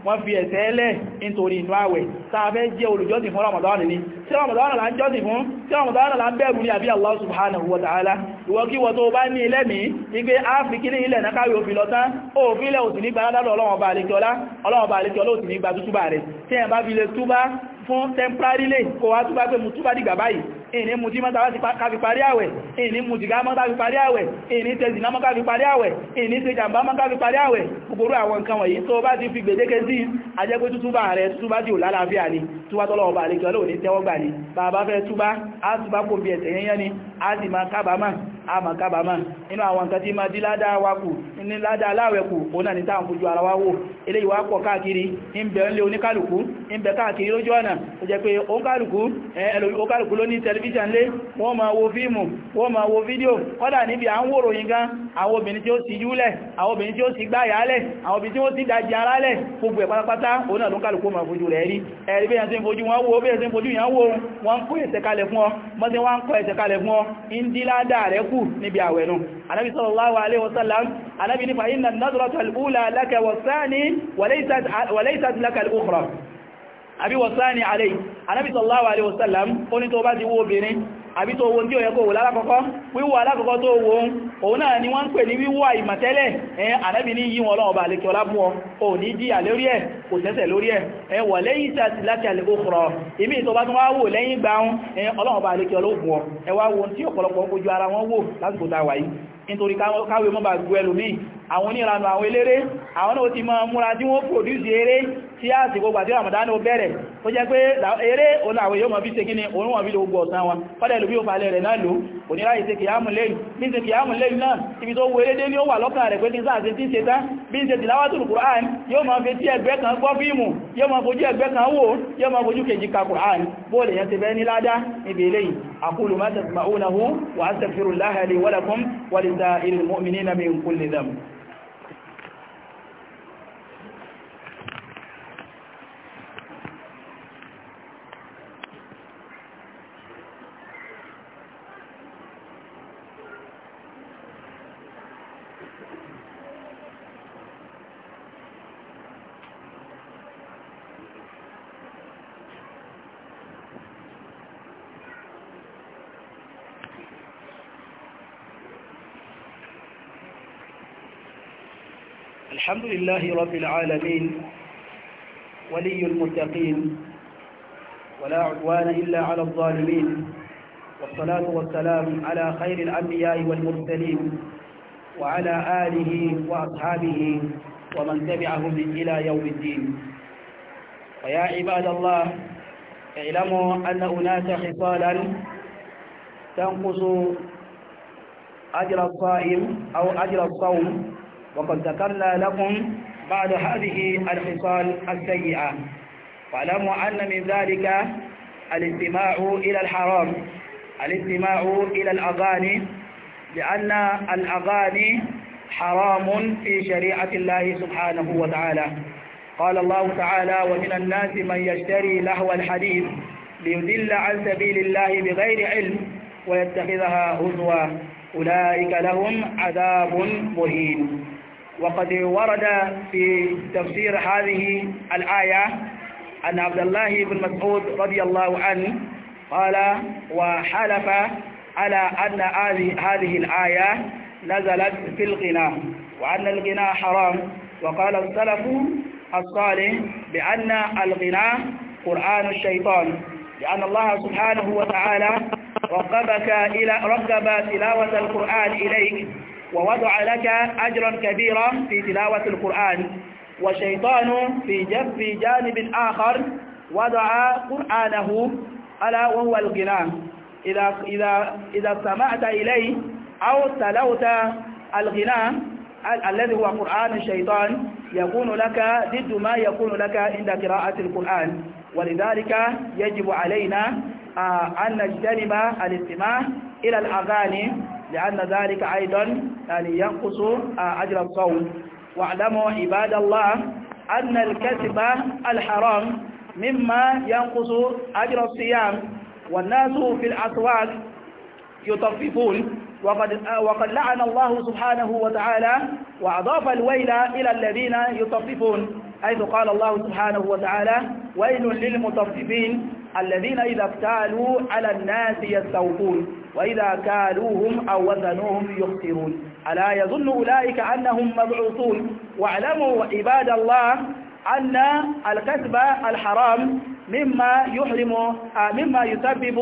wọ́n fi ẹ̀sẹ̀ ẹlẹ́ nítorí inú àwẹ̀ tààfẹ́ jẹ́ olùjọ́sìn fún Ramadan ní tí Ramadan là ń jọ́sìn fún tí Ramadan la ń bẹ̀rù ní àbí Allah subhanahu wa ta'ala ìwọ́kíwọ́ tó bá ní ilẹ̀ mi wípé áfíkí ní ilẹ̀ nákàrí òfin lọ tán ó fi ilẹ̀ òsì nígbà ládọ́dọ̀ Ọlọ́run ọba àlekíọlá Ọlọ́run ọba àlekíọlá òsì nígbà tútúbà rẹ̀ tí ẹ̀ bá fi lè túbá fún temporarily kò wá túbá pé mú túbá dìgbà báyìí ìní mú tí mọ́ta káfi parí àwẹ̀ ìní mú jìgá mọ́ta fi parí àwẹ̀ ìní tẹ́sì náà mọ́ta fi parí àwẹ̀ ìní tẹ́ jàmbá mọ́ta fi parí àwẹ̀ gbogbo àwọn nǹkan wọ̀nyí tó bá ti fi gbèdéke sí ajẹ́gbé tútúbà rẹ̀ tútúbà tí ò lálàáfíà ni túbá tọ́lọ́wọ́ bá àlejò ọlọ́wọ́ ní tẹ́wọ́gbà ni bàbá fẹ́ túbá á túbá kò bí ẹ̀ṣẹ̀ yẹn yẹn ni á sì máa kábàámà á máa kábàámà inú àwọn nǹkan tí máa dí ládàá wa kù ní ládàá tẹlifíṣàn lé wọ́n máa wo fíìmù wọ́n máa wo fídíò kọ́dà níbi à ń wòrò yìí gan àwọn obìnrin tí ó ti yúlẹ̀ àwọn obìnrin tí ó ti gbáyàálẹ̀ àwọn obìnrin tí ó ti dájí arálẹ̀ gbogbo ẹ̀ pátápátá òun náà ló ń kálùkù máa fojú rẹ̀ rí ẹ̀rí bí ẹ̀sìn fojú wọn wo bí ẹ̀sìn fojú yàn wo wọn kó ẹ̀sẹ̀ kalẹ̀ fún ọ mọ́sí wọn kọ ẹ̀sẹ̀ kalẹ̀ fún ọ ìdíládà rẹ̀ kù níbi àwẹ̀ nù anábi sallallahu alaihi wasallam anábi nípa inna nadratul ula laka wasani wa laysat laka al-ukhra àbí wọ̀sáni àlèyí anábi sallallahu alaihi wasallam ó ní tó bá ti wó obìnrin àbí tó wọ́n tí ó yẹ kó wò lálákọ́kọ́ wíwò alákọ́kọ́ tó wò ń òun náà ni wọ́n ń pè ní wíwò àìmọ̀tẹ́lẹ̀ ẹ̀yẹn ànábì ní yíwọn ọlọ́run bá lẹ́kẹ́ ọlá mú ọ ò ní díyà lórí ẹ̀ kò tẹ́sẹ̀ lórí ẹ̀ ẹ wọ̀ lẹ́yìn tàti láti àlẹ́kọ́kọ́rọ̀ ìmí tó bá tún wá wò lẹ́yìn gbáhùn ẹ̀yẹn wo tí ọ̀pọ̀lọpọ̀ ojú ara wọn wò lásìkò tá wà yìí nítorí káwé mọ́ bá gbọ́ ẹlòmíì àwọn oníranù àwọn eléré àwọn náà ti máa múra tí wọ́n pòdúsì eré tí a sì gbogbo àti ramadani ó bẹ̀rẹ̀ tó jẹ́ pé eré òun àwọn yóò mọ̀ fi ṣe kíni òun wọ̀n fi gbogbo ọ̀sán wọn fọ́dẹ̀ lóbi ò falẹ̀ rẹ̀ náà lò kò ní ráyìí ṣe kìyàmù lẹ́yìn bí ṣe kìyàmù lẹ́yìn náà ibi tó wọlé dé ní ó wà lọ́kàn rẹ̀ pé ní sáà ṣe tí ṣe tán bí ṣe tìláwàtùl Qur'an yóò mọ̀ fi tí ẹgbẹ́ kan ما تسمعونه وأستغفر الله لي ولكم ولسائر المؤمنين من كل ذنب الحمد لله رب العالمين ولي المتقين ولا عدوان إلا على الظالمين والصلاة والسلام على خير الأنبياء والمرسلين وعلى آله وأصحابه ومن تبعهم إلى يوم الدين ويا عباد الله اعلموا أن هناك خصالا تنقص أجر الصائم أو أجر الصوم وقد ذكرنا لكم بعد هذه الخصال السيئة واعلموا أن من ذلك الاستماع إلى الحرام الاستماع إلى الأغاني لأن الأغاني حرام في شريعة الله سبحانه وتعالى قال الله تعالى ومن الناس من يشتري لهو الحديث ليذل عن سبيل الله بغير علم ويتخذها هزوا أولئك لهم عذاب مهين وقد ورد في تفسير هذه الآية أن عبد الله بن مسعود رضي الله عنه قال وحلف على أن هذه الآية نزلت في الغناء وأن الغناء حرام وقال السلف الصالح بأن الغناء قرآن الشيطان لأن الله سبحانه وتعالى رقبك إلى رقب تلاوة القرآن إليك ووضع لك أجرا كبيرا في تلاوة القرآن وشيطان في جنب جانب آخر وضع قرآنه ألا وهو الغناء إذا, إذا, إذا سمعت إليه أو تلوت الغناء الذي هو قرآن الشيطان يكون لك ضد ما يكون لك عند قراءة القرآن ولذلك يجب علينا آه، أن نجتنب الاستماع إلى الأغاني لأن ذلك أيضا يعني ينقص آه، أجر الصوم واعلموا عباد الله أن الكسب الحرام مما ينقص أجر الصيام والناس في الأسواق يطففون وقد, آه، وقد لعن الله سبحانه وتعالى وأضاف الويل إلى الذين يطففون حيث قال الله سبحانه وتعالى ويل للمطففين الذين إذا افتالوا على الناس يستوفون وإذا كالوهم أو وزنوهم يخسرون ألا يظن أولئك أنهم مبعوثون واعلموا عباد الله أن الكسب الحرام مما يحرم آه، مما يسبب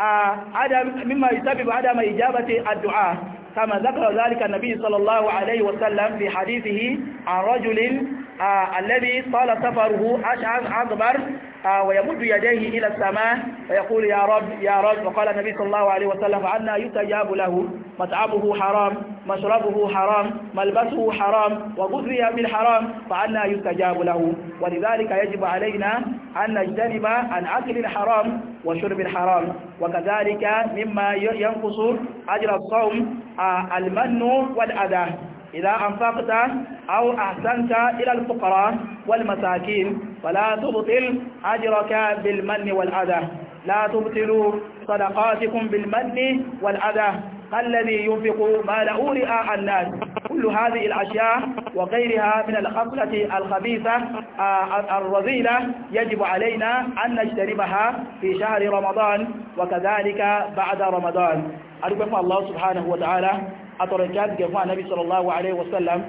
آه، عدم مما يسبب عدم إجابة الدعاء كما ذكر ذلك النبي صلى الله عليه وسلم في حديثه عن رجل آه، الذي طال سفره أشعث أكبر آه، ويمد يديه إلى السماء ويقول يا رب يا رب وقال النبي صلى الله عليه وسلم عنا يستجاب له متعبه حرام مشربه حرام ملبسه حرام وغذي بالحرام فعنا يستجاب له ولذلك يجب علينا أن نجتنب عن أكل الحرام وشرب الحرام وكذلك مما ينقص أجر الصوم آه، المن والأذى إذا أنفقت أو أحسنت إلى الفقراء والمساكين فلا تبطل أجرك بالمن والأذى لا تبطلوا صدقاتكم بالمن والأذى الذي ينفق ما رئاء الناس كل هذه الأشياء وغيرها من الخصلة الخبيثة آه، الرذيلة يجب علينا أن نجتنبها في شهر رمضان وكذلك بعد رمضان أرجو الله سبحانه وتعالى àtọ̀rọ̀ ìjáàdìgẹ̀ fún ànábì sallallahu alaihi wasallam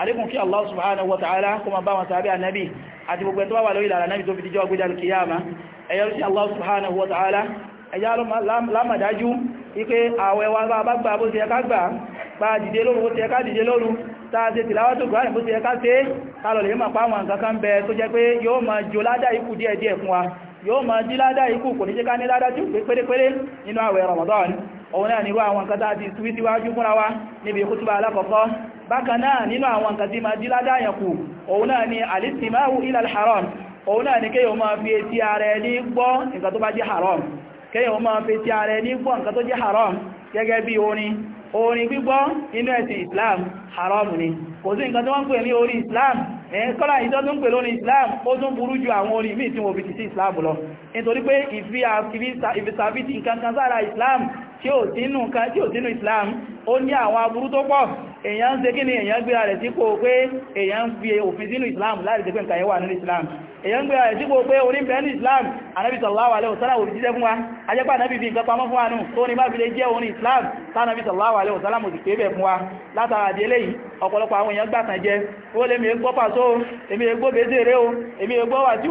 àríkùn kí Allah subhanahu wa ta'ala kuma bá wọn tàbí ànábì àti gbogbo ẹ̀tọ́ wà lórí ìlànà ànábì tó fi díjọ́ gbídà kìyàmá ẹ̀yọ́ sí Allah subhanahu wa ta'ala ẹ̀yà lámàdájú wípé àwẹ̀ wa bá bá gbà bó ti ẹka gbà bá dìde lóru bó ti ẹka dìde lóru táà ti tìláwà tó gbà bó ti ẹka tẹ́ kálọ̀ lè máa pàwọn nǹkan kan bẹ tó jẹ́ pé yóò máa jò ládá ikú kò ní jẹ́ ká ní ládá tí ó pé pérépéré nínú àwẹ̀ Ramadan òun náà nírú àwọn nǹkan tàbí tí síwájú múra wá níbi ìkútùbà alákọ̀ọ́kọ́ bákan náà nínú àwọn nǹkan tí ma dí ládáyànkù òun náà ni alistimahu ilal haram òun náà ni kéyàn máa fi etí ara ẹni gbọ́ nǹkan tó bá jẹ́ haram kéyàn máa fi etí ara ẹni gbọ́ nǹkan tó jẹ́ haram ni kò ní islam ẹ̀ẹ́kọ́lá ìjọ́ tó islam ó tún burú ju àwọn orin míì tí wọ́n fi ti sí islam lọ nítorí pé ìfi ìfisàfíti nǹkan kan sára islam tí ò sínú nǹkan tí ò sínú Islam ó ní àwọn aburú tó pọ̀ èyàn ń kí ni èyàn gbéra rẹ̀ sípò pé èyàn ń fi òfin sínú Islam láti ṣe pé nǹkan yẹn wà nínú Islam èyàn gbéra rẹ̀ sípò pé oníbẹ̀ẹ́ ní Islam anábì sallallahu alaihi wasallam òjíṣẹ́ fún wa ajẹ́pà anábì fi nǹkan pamọ́ fún wa nù tó ní bá fi lè jẹ́ Islam tánàbì sallallahu alaihi fún wa látara àdí eléyìí ọ̀pọ̀lọpọ̀ àwọn èèyàn gbàtàn jẹ ó lè mi gbọ́ pàṣọ èmi ègbó bèzèrè o èmi ègbó wà tí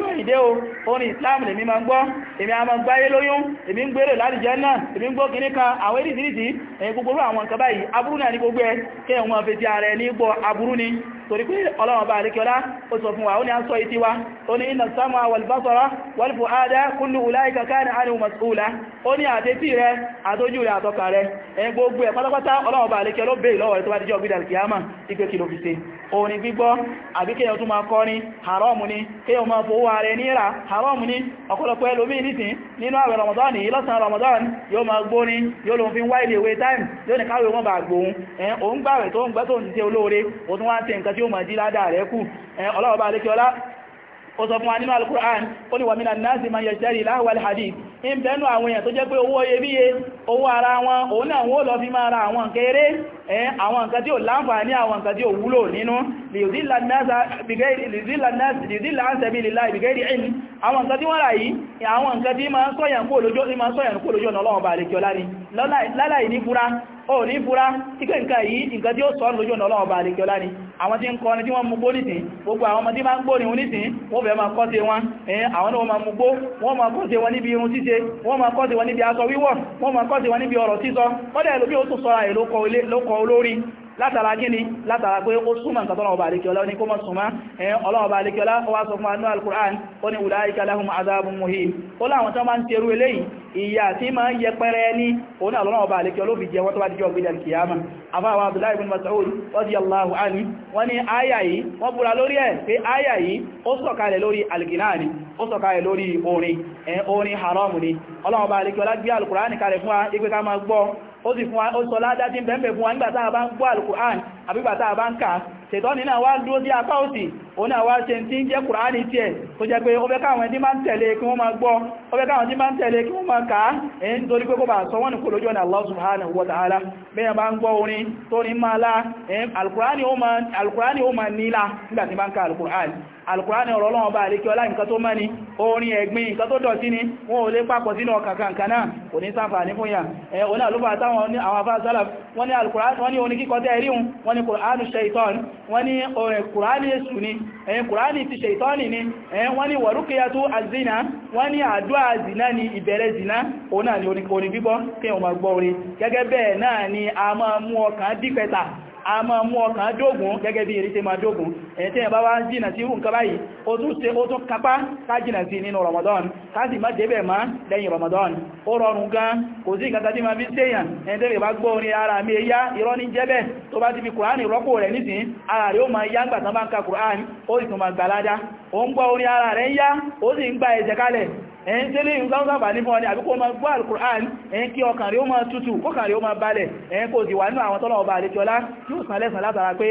Islam lèmi máa ń gbọ́ èmi a máa ń gbáyé lóyún èmi ń kan àwọn ìrìsìrìsì eh, gbogbo àwọn nǹkan báyìí aburú náà ní gbogbo ẹ kí ẹ̀wọ̀n fẹ́ ti ààrẹ ní gbọ́ aburú ni torí pé ọlọ́wọ́ bá àríkẹ́lá ó sọ fún wa ó ní a sọ ìtí wa ó ní inna sama walbasara walfuada kullu ulaika kana anhu mas'ula ó ní àtẹ́tí rẹ àtójú rẹ àtọ́ka rẹ ẹni gbogbo ẹ̀ pátápátá ọlọ́wọ́ bá àríkẹ́lá bèèrè lọ́wọ́ rẹ tó bá díjọ́ gbídà kìyàmà ipé kìlò fi ni kéèyàn máa fowó ààrẹ ní ni ọ̀pọ̀lọpọ̀ ẹlòmíì time yóò ní káwé wọn bá gbóhun ẹ̀ òun gbàwẹ̀ tó ń tí ó máa dí ládàá rẹ̀ kù ọlọ́ọ̀bá alékiọlá ó sọ fún wa nínú ó ní wa mina an-nasi man yashtari lahwa al-hadith ń bẹnu àwọn èèyàn tó jẹ́ pé owó iyebíye owó ara wọn òun náà wọ́n lọ fi máa ra àwọn nǹkan eré ẹ̀ àwọn nǹkan tí ò láǹfààní àwọn nǹkan tí ò wúlò nínú lìdílà an sabilillahi bighairi ilm àwọn nǹkan tí wọ́n rà yìí àwọn nǹkan tí máa o ni fura ikẹ́ nǹkan yìí nǹkan tí ó sọ lójú ọ̀nà ọlọ́ọ̀bà àríkẹ́ọlá ni àwọn tí ń kọ́ ní tí wọ́n mú gbó nìsìn gbogbo àwọn ọmọdé máa ń gbó ní onísìn wọ́n fẹ́ máa kọ́sẹ̀ wọn ẹ̀yìn àwọn náà máa mú gbó wọ́n máa kọ́sẹ̀ wọn níbi irun síse wọ́n máa kọ́sẹ̀ wọn níbi aṣọ wíwọ̀ wọ́n máa kọ́sẹ̀ wọn níbi ọ̀rọ̀ sísọ kọ́dẹ̀ lóbi ó tún sọ́ra látara gíní látara pé ó súnmọ̀ nǹkan tọ́lọ̀ ọba àríkẹ́ọlá ní kó mọ̀ súnmọ́ ọlọ́ ọba àríkẹ́ọlá wá sọ fún anú al-Qur'an ó ní ulaika lahum azabun muhin ó láwọn tó máa ń tẹrú eléyìí ìyà tí ma ń yẹ pẹ́rẹ ní òun náà lọ́nà ọba àríkẹ́ olóbi jẹ wọ́n tó bá díjọ́ gbídà kìyàmá afáwọn Abdullahi ibn Mas'ud radiyallahu anhu wọ́n ní áyà yìí ó sì fún ó sọ ládájí bẹ̀m̀bẹ̀ fún wa nígbàtá bá ń gbọ́ alùkùránì àbígbàtá bá ń kà ṣètọ́nì náà wá dúró sí apá òsì ó náà wá ṣe tí ń jẹ́ kùránì tí ẹ̀ tó jẹ́ pé ó fẹ́ káwọn ẹni máa ń tẹ̀lé kí wọ́n Allah subhanahu wa ta'ala bẹ́ẹ̀ bá ń gbọ́ orin tó ní máa lá alùkùránì ó máa nílá nígbà tí alkùránì ọ̀rọ̀ ọlọ́run bá àríkẹ́ ọlá nǹkan tó mọ́ ni orin ẹ̀gbin nǹkan tó dọ̀tí ni wọ́n ò lè papọ̀ sínú ọkàkàǹkan náà kò ní sáfàní fún yà ẹ̀hùn àlúbà táwọn àwọn afáàsálà wọ́n ní alkùránì wọ́n ní orin kíkọ tẹ́ ríhun wọ́n ní kùránì ṣeìtọ́n wọ́n ní kùránì èṣù ni ẹ̀yìn kùránì ti ni ẹ̀yìn wọ́n ní wọ̀rúkẹ́yàtú àzínà wọ́n ní àdúà zínà ni ìbẹ̀rẹ̀ zínà òun a mụọ mú ọkàn dógún gẹ́gẹ́ bí irin tí máa dógún ẹni tí ẹ̀bá wá ń jìnà sí irú báyìí ó tún ṣe ó tún kápá sí Ramadan má débẹ̀ má lẹ́yìn Ramadan ó rọrùn gan kò sí ma fi séyàn ẹni tí gbọ́ ara mi ẹ̀yá irọ́ ní jẹ́bẹ̀ tó bá ti ẹ̀yìn tí lè ń sáwọ́sáwà ní fún ọ ní àbíkò ma gbọ́ alkùnrán ẹ̀yìn kí ọkàn rí ó máa tútù kọkàn rí ó máa balẹ̀ ẹ̀yìn kò sì wà nínú àwọn tọ́lọ̀ ọba àdékọ́lá yóò sàn lẹ́sàn látara pé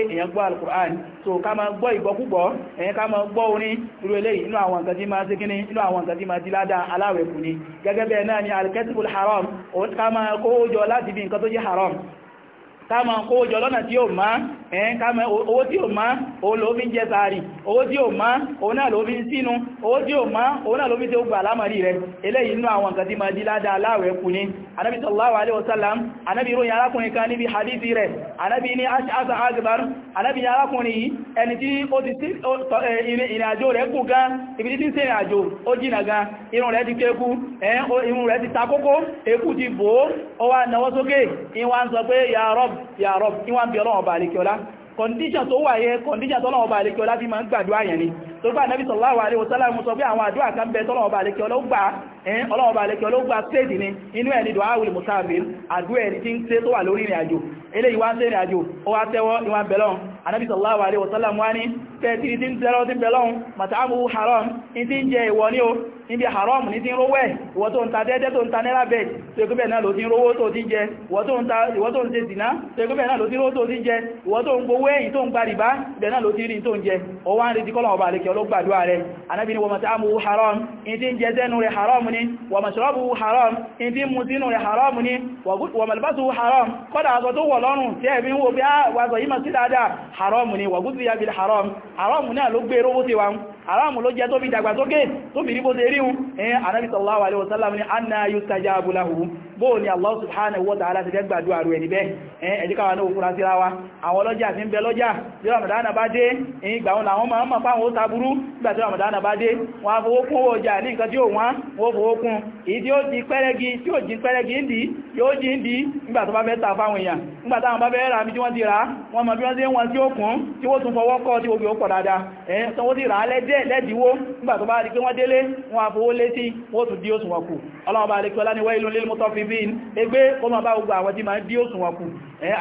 so ká máa gbọ́ ìgbọ́kúgbọ́ ẹ̀yìn ká máa gbọ́ orin irú eléyìí inú àwọn nǹkan tí máa sí kíní inú àwọn ni gẹ́gẹ́ bẹ́ẹ̀ náà haram ká máa kó jọ láti bí haram káàmà kówó jọ lọ́nà tí ó má ẹ́n káàmà owó tí ó má o ló fi ń jẹ sàárì owó tí ó má o náà ló fi ń sínú owó tí ó má o náà ló fi gbà lámàrí rẹ̀ eléyìí inú àwọn nǹkan tí ma dí ládá aláwẹ̀ kú ní anábi sallallahu alaihi wasallam anábi ìròyìn arákùnrin kan níbi hadithi re anábi ni ash'asa agbar anábi ní arákùnrin yìí ẹni tí ó ti ìrìn àjò rẹ̀ kù gan ibi títí sí ìrìn àjò ó jìnà gan irun rẹ̀ ti kéku irun rẹ̀ ti takókó èkú ti bò ó wá náwó sókè ìwọ̀n sọ pé ya rob ya Rabb ìwọ̀n bí ọlọ́wọ̀n bá àlekíọlá kọndíṣà tó wà yẹ kọndíṣà tọ́lọ́wọ́ bá lè ọlá bí ma ń gbàdúwà yẹn ni tó bá nẹ́bí sallallahu alaihi wasallam sọ pé àwọn àdúwà kan bẹ tọ́lọ́wọ́ bá lè kí ọlọ́gbà ẹ̀yìn ọlọ́wọ́ bá lè ni inú ẹni dùn áwìlì musafir àdúwà ẹni tí ń tẹ́ tó wà lórí ìrìn àjò eléyìí wá ń tẹ́ ìrìn àjò ó wá tẹ̀tìrì tí ń tẹ́lọ tí bẹ̀lọ́un màtàmù haram ní tí ń jẹ ìwọ ní o níbi haram ní tí ń rówẹ́ ìwọ tó ń ta dẹ́dẹ́ tó ń ta náírà bẹ̀ tó ẹgbẹ́ náà ló ti ń rówó tó ti jẹ ìwọ tó ń ṣe dìná tó ẹgbẹ́ náà ló ti rówó tó ti jẹ ìwọ tó ń gbowó ẹ̀yìn tó ń gba haram ní tí ń haram ni wọ́n haram ní tí ń haram ni wọ́n mọ̀lbásù haram kọ́dà àgọ́ tó wọ̀ lọ́rùn tí ẹ̀bí ń wo bí haram ni wọ́gúsù yabil haram àrámù náà ló gbé rówó tí wa ń àrámù ló jẹ́ tó fi dàgbàsókè tó fi rí bó ṣe rí un ẹ̀yìn ànábì sallallahu alaihi wasallam ni anna yustajabu bóò ni Allah subhanahu wa ta'ala ti gẹ́gbàdú àrò ẹni bẹ́ ẹ̀díkàwà náà fúnra wa àwọn ọlọ́jà ti ń bẹ lọ́jà Ramadana bá dé ó taburú Ramadana bá a ọjà ní nǹkan tí ó wọ́n wọ́n fowó kún di pẹ́rẹ́gi tí ó di pẹ́rẹ́gi ń di yóò di ń di nígbà tó bá n ta fáwọn ti wọ́n mọ̀ ti tí ó kún tí ó tún fọwọ́ kọ́ tí pọ̀ dáadáa ti bá mukazibin ẹgbẹ́ kó máa bá gbogbo àwọn tí máa dí òsùn wọn kù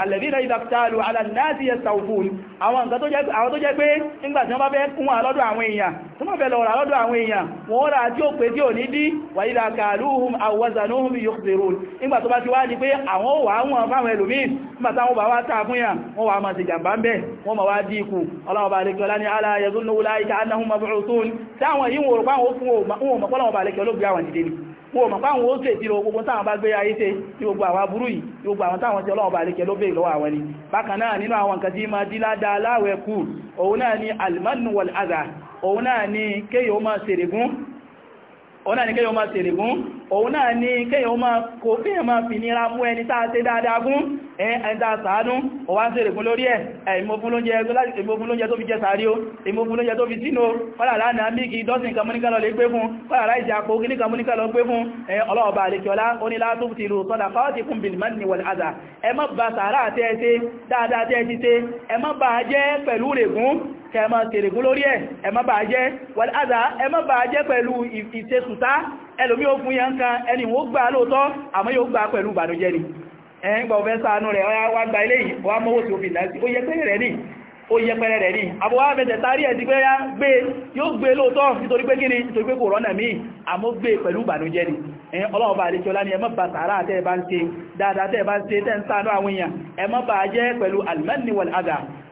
alladhina idha iktalu ala an-nasi yastawfun àwọn nǹkan tó jẹ́ pé nígbà tí wọ́n bá fẹ́ kún àlọ́dọ̀ àwọn èèyàn tó mọ̀ fẹ́ lọ rà lọ́dọ̀ àwọn èèyàn wọ́n rà tí ó o tí ò ní dí wa idha kaluhum aw wazanuhum yukhsirun nígbà tó bá ti wá ní pé àwọn ò wà wọn fáwọn ẹlòmíì nígbà táwọn bá wá tàà fún yà wọ́n wà máa ṣe jàmbá ń bẹ̀ wọ́n ma wá dí ikú ọlọ́wọ́ bá lẹ́kẹ́ ọlá ní ala yazunnu ulaika annahum mab'uthun táwọn yíwọ̀n òrùpá wọn fún òun mọ̀pọ̀lọ́wọ́ bá lẹ́kẹ́ olóògbé àwọn ìdílé wọn mọ̀ páwọn ó ṣe ìtìrò gbogbo táwọn bá gbé ayé ṣe tí gbogbo àwọn aburú yìí tí gbogbo àwọn táwọn tí ọlọ́wọ́ bá lè ló bèèrè lọ́wọ́ àwọn ni bákan náà nínú àwọn nǹkan tí máa dí ládá láwẹ̀ kù òun náà ni almanu wal adha òun náà ni kéyò máa ṣèrègún ni kéyò máa ṣèrègún ni kéyò máa kò fíyàn máa fi ẹ̀ẹ́dá sàánú ọwá ń sèrè fún lórí ẹ̀ ìmọ̀fún tó fi jẹ sàárí o ìmọ̀fún lóúnjẹ tó fi sínú fọ́lá láàrín àmìkì dọ́sìn kàmúníkà lọ lè gbé fún fọ́lá láìsí àpò kí ní kàmúníkà lọ gbé fún ọlọ́ọ̀bà àlekíọlá onílá tó ti lù sọ́dà fáwọ́tí fún bìlìmánì wọ̀lẹ̀ àzà ẹ má bà sàárà tẹ́ ẹ ṣe dáadáa tẹ́ ẹ ti ṣe ẹ má bà jẹ́ pẹ̀lú règún kẹmọ tèrègún lórí ẹ̀ ẹ má bà jẹ́ wọ̀lẹ̀ àzà ẹ má bà jẹ́ pẹ̀lú ìṣesùta ẹlòmí ó fún yẹn kan ẹni wọ́n gbà lóòtọ́ ẹ̀yìn gbà ọ̀fẹ́ sáànú rẹ̀ ọya wá gba ilé yìí wá mọ́wó tí ó fi láti ó yẹpẹrẹ rẹ̀ ní ó yẹpẹrẹ rẹ̀ ní àbúwá mẹ́tẹ̀ tàrí ẹ̀ ti pé ya gbé yóò gbé lóòtọ́ nítorí pé kíni nítorí pé kò rọ́nà míì àmọ́ gbé e pẹ̀lú ìbànújẹ́ ni ẹ̀yìn ọlọ́ọ̀bà àlejọ́lá ni ẹmọ́ bà sàárà tẹ́ẹ̀ bá ń ṣe dáadáa tẹ́ẹ̀ bá ń ṣe tẹ́ ń sáànú àwọn èèyàn ẹmọ́ bà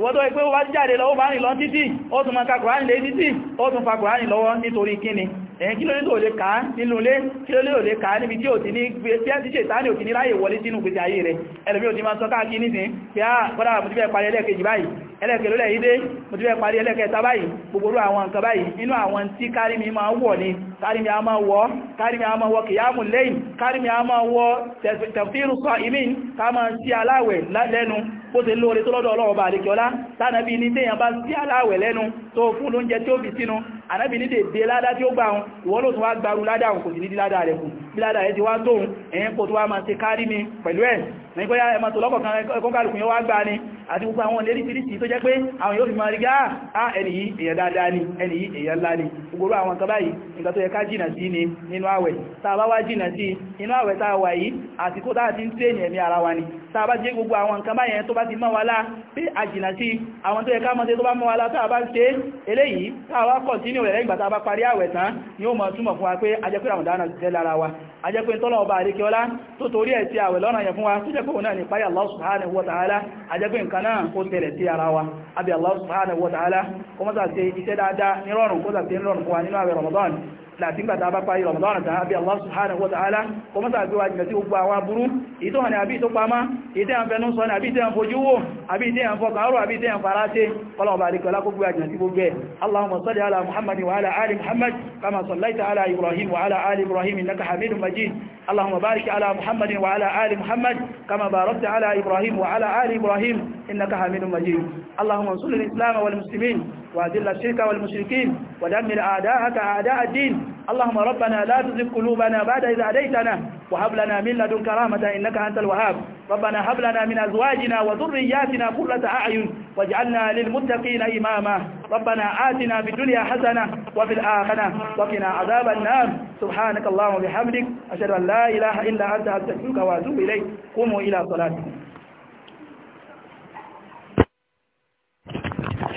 ìwọ́n tó wọ́n jáde lọ bá rìn lọ títí ó tún mọ́ ka Kùránì lé títí ó tún fa Kùránì lọ́wọ́ nítorí kíni ẹ̀yìn kí ló ní tó lè kàá nínú ilé kí ló lè ò lè kàá níbi tí ò ti ní gbé tí ṣe ìtàní òkì ní láyé wọlé sínú gbèsè ayé rẹ̀ ẹlòmí ò ti máa sọ́ká kí ní sin pé á ah, bọ́dá mo ti fẹ́ parí ẹlẹ́ẹ̀kejì báyìí ẹlẹ́ẹ̀kẹ́ lólẹ̀ yìí dé mo ti fẹ́ parí ẹlẹ́ẹ̀kẹta báyìí gbogbo àwọn nǹkan báyìí nínú àwọn tí kárí mi máa wọ̀ ni kárí mi a máa wọ́ kárí mi a máa wọ́ kìyàmù lẹ́yìn bó ti lóore tó lọ́dọ̀ ọlọ́wọ́ àríkẹ́ọlá tánàbí ní tẹ́yàn bá sí aláwẹ̀ lẹ́nu tó fún lóúnjẹ tí ó fi sínú ànábì ní dèdè ládá tí ó gbà wọn ìwọ́n ló tún wá gbarú ládà òun kò sí ní ládà rẹ̀ kù bíládà ẹ ti wá tóun ẹ̀yìn kò tó wá máa ṣe kárí mi pẹ̀lú ẹ̀ ní pé ẹmà tó lọ́kọ̀ọ̀kan ẹkọ́kàlùkùn yóò wá gbá ni àti gbogbo àwọn lérí tìrìsì tó jẹ́ pé àwọn yóò fi máa rí gáà ah, ah, ẹni yìí èyàn dáadáa ni ẹni yìí èyàn ńlá ni gbogbo àwọn nǹkan báyìí nǹkan tó yẹ ká jìnà sí ni nínú àwẹ̀ tá a bá wá jìnà sí inú àwẹ̀ tá a wà yìí àsìkò tá a ti ń tẹ́ ní ẹ̀mí ara wa ni tá a bá jẹ́ gbogbo àwọn nǹkan báyẹn tó bá ti mọ́ wa lá pé a jìnà sí àwọn tó yẹ ká mọ́tẹ́ tó bá mọ́ wa lá tá a bá ń ṣe ni ó mọ̀ túmọ̀ fún wa wa ajẹ́pẹ́ tọ́lọ̀ ọba àríkẹ́ọ́lá tó torí ẹ̀ tí àwẹ̀ lọ́nà yẹ fún wa tó jẹ́pẹ́ òun náà ní páyà Allah subhanahu wa ta'ala ajẹ́pẹ́ nǹkan náà kó tẹ̀lẹ̀ sí ara wa abi Allah subhanahu wa iṣẹ́ dáadáa nírọ̀rùn kó láti gbàtà bá parí Ramadan ta bí Allah subhanahu wa ta'ala kò mọ́ta àgbéwà jìnà tí ó gba àwọn aburú ìtò hàn ní àbí tó pamá ìtẹ́ àwọn fẹnu sọ ní àbí tẹ́ àwọn fojú wò àbí tẹ́ àwọn fọkàn ọrọ̀ àbí tẹ́ àwọn fara tẹ́ ọlọ́ọ̀bà àríkọlá kó gbíwà jìnà tí gbogbo ẹ̀ Allahumma salli ala Muhammad wa ala ali Muhammad kama sallaita ala Ibrahim wa ala ali Ibrahim innaka hamidun majid اللهم بارك على محمد وعلى آل محمد كما باركت على إبراهيم وعلى آل إبراهيم إنك حميد مجيد اللهم انصر الإسلام والمسلمين وأذل الشرك والمشركين ودمر أعداءك أعداء الدين اللهم ربنا لا تزغ قلوبنا بعد إذ هديتنا وهب لنا من لدنك رحمة إنك أنت الوهاب ربنا هب لنا من أزواجنا وذرياتنا قرة أعين واجعلنا للمتقين إماما ربنا آتنا في الدنيا حسنة وفي الآخرة وقنا عذاب النار سبحانك اللهم وبحمدك أشهد أن لا إله إلا أنت أستغفرك وأتوب إليك قوموا إلى صلاتكم